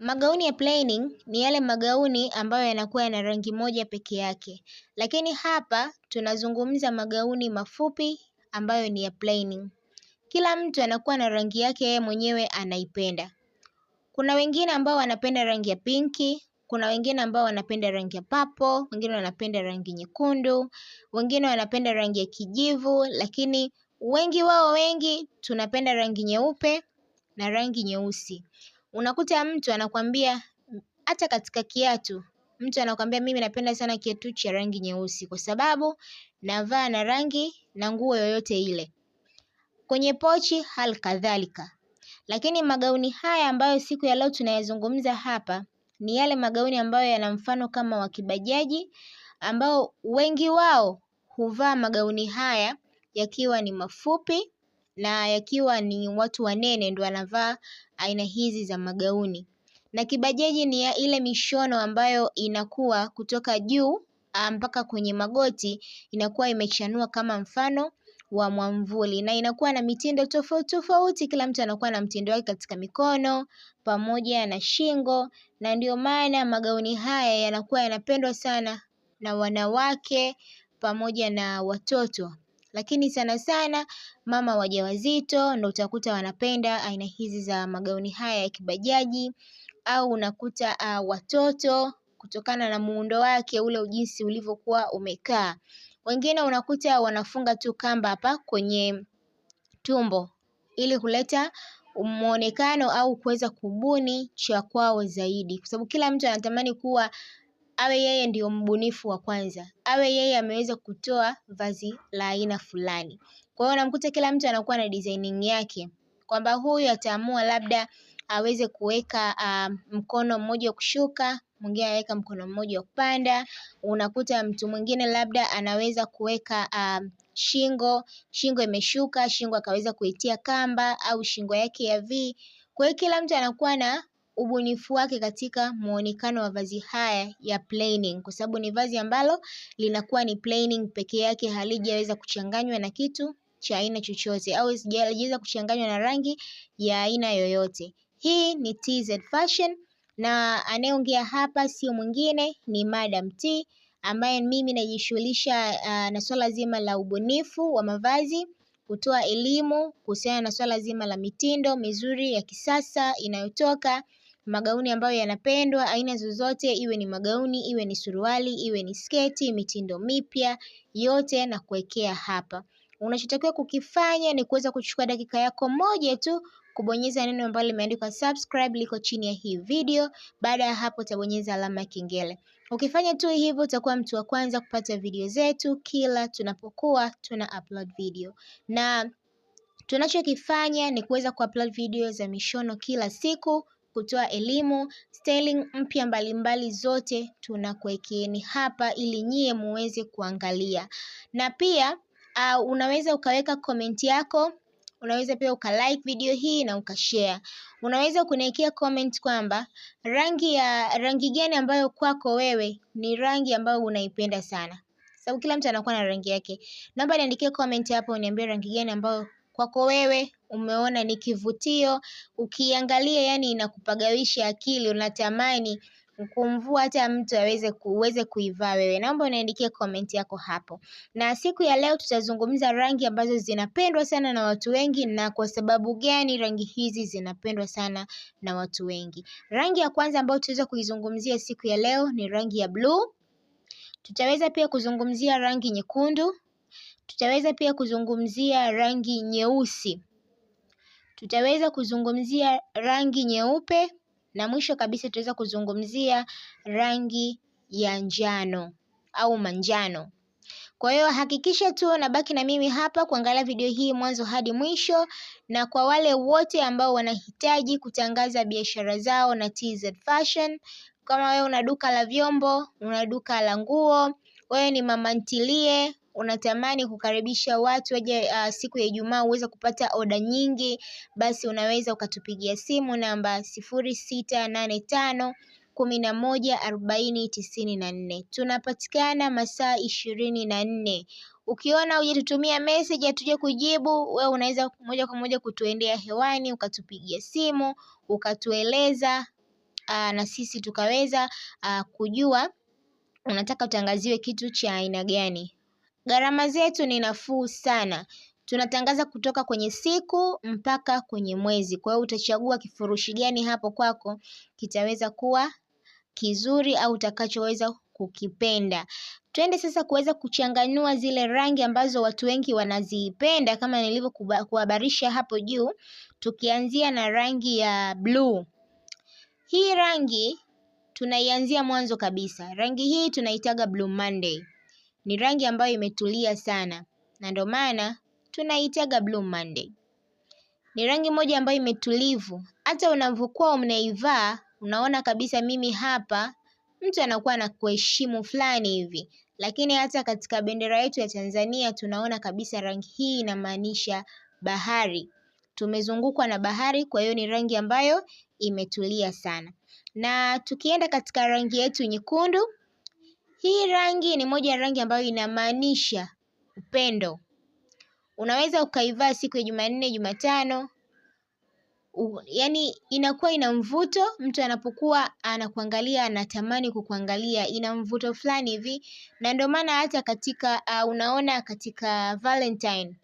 Magauni ya plaining ni yale magauni ambayo yanakuwa yana rangi moja peke yake, lakini hapa tunazungumza magauni mafupi ambayo ni ya plaining. Kila mtu anakuwa na rangi yake yeye mwenyewe anaipenda. Kuna wengine ambao wanapenda rangi ya pinki, kuna wengine ambao wanapenda rangi ya papo, wengine wanapenda rangi nyekundu, wengine wanapenda rangi ya kijivu, lakini wengi wao wengi tunapenda rangi nyeupe na rangi nyeusi. Unakuta mtu anakwambia hata katika kiatu mtu anakwambia mimi napenda sana kiatu cha rangi nyeusi kwa sababu navaa na rangi na nguo yoyote ile. Kwenye pochi hali kadhalika. Lakini magauni haya ambayo siku ya leo tunayazungumza hapa ni yale magauni ambayo yana mfano kama wa kibajaji ambao wengi wao huvaa magauni haya yakiwa ni mafupi na yakiwa ni watu wanene ndio wanavaa aina hizi za magauni. Na kibajaji ni ya ile mishono ambayo inakuwa kutoka juu ah, mpaka kwenye magoti inakuwa imechanua kama mfano wa mwamvuli na inakuwa na mitindo tofauti tofauti. Kila mtu anakuwa na mtindo wake katika mikono pamoja na shingo, na ndio maana magauni haya yanakuwa yanapendwa sana na wanawake pamoja na watoto. Lakini sana sana mama wajawazito ndo utakuta wanapenda aina hizi za magauni haya ya kibajaji au unakuta uh, watoto kutokana na muundo wake ule jinsi ulivyokuwa umekaa. Wengine unakuta wanafunga tu kamba hapa kwenye tumbo ili kuleta muonekano au kuweza kubuni cha kwao zaidi, kwa sababu kila mtu anatamani kuwa awe yeye ndio mbunifu wa kwanza, awe yeye ameweza kutoa vazi la aina fulani. Kwa hiyo unamkuta kila mtu anakuwa na designing yake, kwamba huyu ataamua labda aweze kuweka uh, mkono mmoja wa kushuka, mwingine anaweka mkono mmoja wa kupanda. Unakuta mtu mwingine labda anaweza kuweka uh, shingo, shingo imeshuka, shingo akaweza kuitia kamba au shingo yake ya V. Kwa hiyo kila mtu anakuwa na ubunifu wake katika muonekano wa vazi haya ya plaining kwa sababu ni vazi ambalo linakuwa ni plaining peke yake halijaweza kuchanganywa na kitu cha aina chochote au sijaweza kuchanganywa na rangi ya aina yoyote. Hii ni TZ Fashion na anayeongea hapa sio mwingine ni Madam T ambaye mimi najishughulisha uh, na swala zima la ubunifu wa mavazi kutoa elimu kuhusiana na swala zima la mitindo mizuri ya kisasa inayotoka magauni ambayo yanapendwa aina zozote, iwe ni magauni, iwe ni suruali, iwe ni sketi, mitindo mipya yote na kuwekea hapa. Unachotakiwa kukifanya ni kuweza kuchukua dakika yako moja tu kubonyeza neno ambalo limeandikwa subscribe liko chini ya hii video. Baada ya hapo utabonyeza alama ya kengele. Ukifanya tu hivyo utakuwa mtu wa kwanza kupata video zetu kila tunapokuwa tuna upload video. Na tunachokifanya ni kuweza kuupload video za mishono kila siku kutoa elimu, styling mpya mbalimbali zote tunakuwekeeni hapa ili nyie muweze kuangalia. Na pia uh, unaweza ukaweka komenti yako Unaweza pia ukalike video hii na ukashare. Unaweza kuniwekea comment kwamba rangi ya rangi gani ambayo kwako wewe ni rangi ambayo unaipenda sana, sababu kila mtu anakuwa na rangi yake. Naomba niandikie comment hapo, uniambie rangi gani ambayo kwako wewe umeona ni kivutio, ukiangalia yani inakupagawisha akili, unatamani kumvua hata mtu aweze uweze kuivaa wewe. Naomba uniandikie komenti yako hapo. Na siku ya leo tutazungumza rangi ambazo zinapendwa sana na watu wengi, na kwa sababu gani rangi hizi zinapendwa sana na watu wengi. Rangi ya kwanza ambayo tutaweza kuizungumzia siku ya leo ni rangi ya bluu. Tutaweza pia kuzungumzia rangi nyekundu. Tutaweza pia kuzungumzia rangi nyeusi tutaweza kuzungumzia rangi nyeupe na mwisho kabisa tutaweza kuzungumzia rangi ya njano au manjano. Kwa hiyo hakikisha tu unabaki na mimi hapa kuangalia video hii mwanzo hadi mwisho, na kwa wale wote ambao wanahitaji kutangaza biashara zao na TZ Fashion, kama wewe una duka la vyombo, una duka la nguo, wewe ni mama ntilie unatamani kukaribisha watu waje uh, ah, siku ya Ijumaa uweze kupata oda nyingi, basi unaweza ukatupigia simu namba sifuri sita nane tano kumi na moja arobaini tisini na nne. Tunapatikana masaa ishirini na nne. Ukiona hujatutumia message hatuje kujibu, wewe unaweza moja kwa moja kutuendea hewani, ukatupigia simu, ukatueleza aa, ah, na sisi tukaweza aa, ah, kujua unataka utangaziwe kitu cha aina gani. Gharama zetu ni nafuu sana. Tunatangaza kutoka kwenye siku mpaka kwenye mwezi. Kwa hiyo utachagua kifurushi gani hapo kwako kitaweza kuwa kizuri au utakachoweza kukipenda. Twende sasa kuweza kuchanganua zile rangi ambazo watu wengi wanazipenda kama nilivyokuhabarisha hapo juu, tukianzia na rangi ya bluu. Hii rangi tunaianzia mwanzo kabisa. Rangi hii tunaitaga Blue Monday ni rangi ambayo imetulia sana na ndio maana tunaiitaga Blue Monday. Ni rangi moja ambayo imetulivu, hata unavyokuwa unaivaa unaona kabisa mimi hapa, mtu anakuwa na kuheshimu fulani hivi. Lakini hata katika bendera yetu ya Tanzania tunaona kabisa rangi hii inamaanisha bahari. Tumezungukwa na bahari, kwa hiyo ni rangi ambayo imetulia sana. Na tukienda katika rangi yetu nyekundu, hii rangi ni moja ya rangi ambayo inamaanisha upendo. Unaweza ukaivaa siku ya Jumanne, Jumatano, yani inakuwa ina mvuto. Mtu anapokuwa anakuangalia, anatamani kukuangalia, ina mvuto fulani hivi, na ndio maana hata katika uh, unaona katika Valentine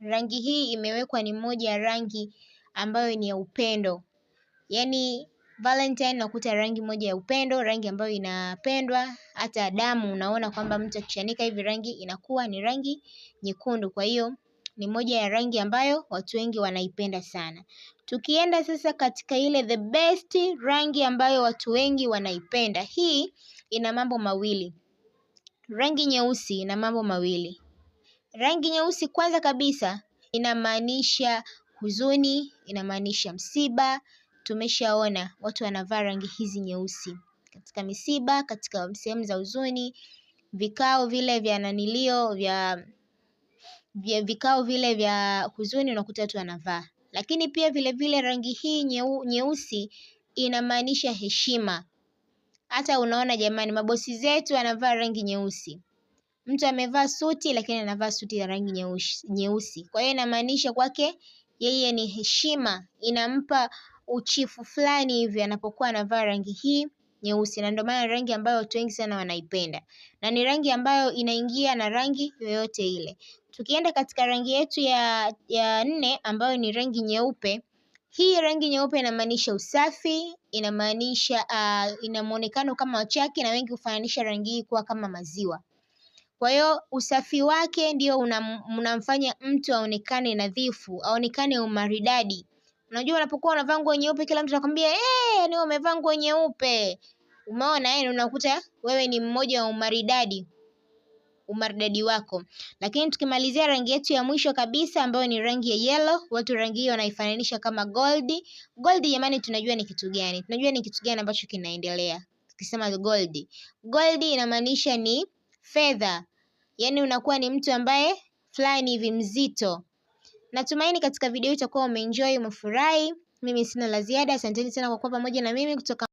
rangi hii imewekwa, ni moja ya rangi ambayo ni ya upendo, yaani Valentine unakuta rangi moja ya upendo, rangi ambayo inapendwa, hata damu unaona kwamba mtu akishanika hivi rangi inakuwa ni rangi nyekundu. Kwa hiyo ni moja ya rangi ambayo watu wengi wanaipenda sana. Tukienda sasa katika ile the best rangi ambayo watu wengi wanaipenda. Hii ina mambo mawili. Rangi nyeusi ina mambo mawili. Rangi nyeusi kwanza kabisa inamaanisha huzuni, inamaanisha msiba, tumeshaona watu wanavaa rangi hizi nyeusi katika misiba, katika sehemu za huzuni, vikao vile vya nanilio vya vya vikao vile vya huzuni unakuta watu wanavaa. Lakini pia vile vile rangi hii nyeu, nyeusi inamaanisha heshima. Hata unaona jamani, mabosi zetu anavaa rangi nyeusi. Mtu amevaa suti lakini anavaa suti ya rangi nyeusi. Kwa hiyo inamaanisha kwake yeye ni heshima, inampa uchifu fulani hivi anapokuwa anavaa rangi hii nyeusi na ndio maana rangi ambayo watu wengi sana wanaipenda na ni rangi ambayo inaingia na rangi yoyote ile tukienda katika rangi yetu ya, ya nne ambayo ni rangi nyeupe hii rangi nyeupe inamaanisha usafi inamaanisha uh, ina muonekano kama wachaki na wengi hufananisha rangi hii kuwa kama maziwa kwa hiyo usafi wake ndio unamfanya mtu aonekane nadhifu aonekane umaridadi Unajua unapokuwa unavaa nguo nyeupe kila mtu anakwambia, "Eh, ni umevaa nguo nyeupe." Umeona yeye yaani unakuta wewe ni mmoja wa umaridadi umaridadi wako. Lakini tukimalizia rangi yetu ya mwisho kabisa ambayo ni rangi ya yellow, watu rangi hiyo wanaifananisha kama gold. Gold jamani, tunajua ni kitu gani? Tunajua ni kitu gani ambacho kinaendelea. Tukisema gold. Gold inamaanisha ni fedha. Yaani unakuwa ni mtu ambaye fulani hivi mzito. Natumaini katika video itakuwa utakuwa umeenjoy, umefurahi. Mimi sina la ziada. Asanteni sana kwa kuwa pamoja na mimi kutoka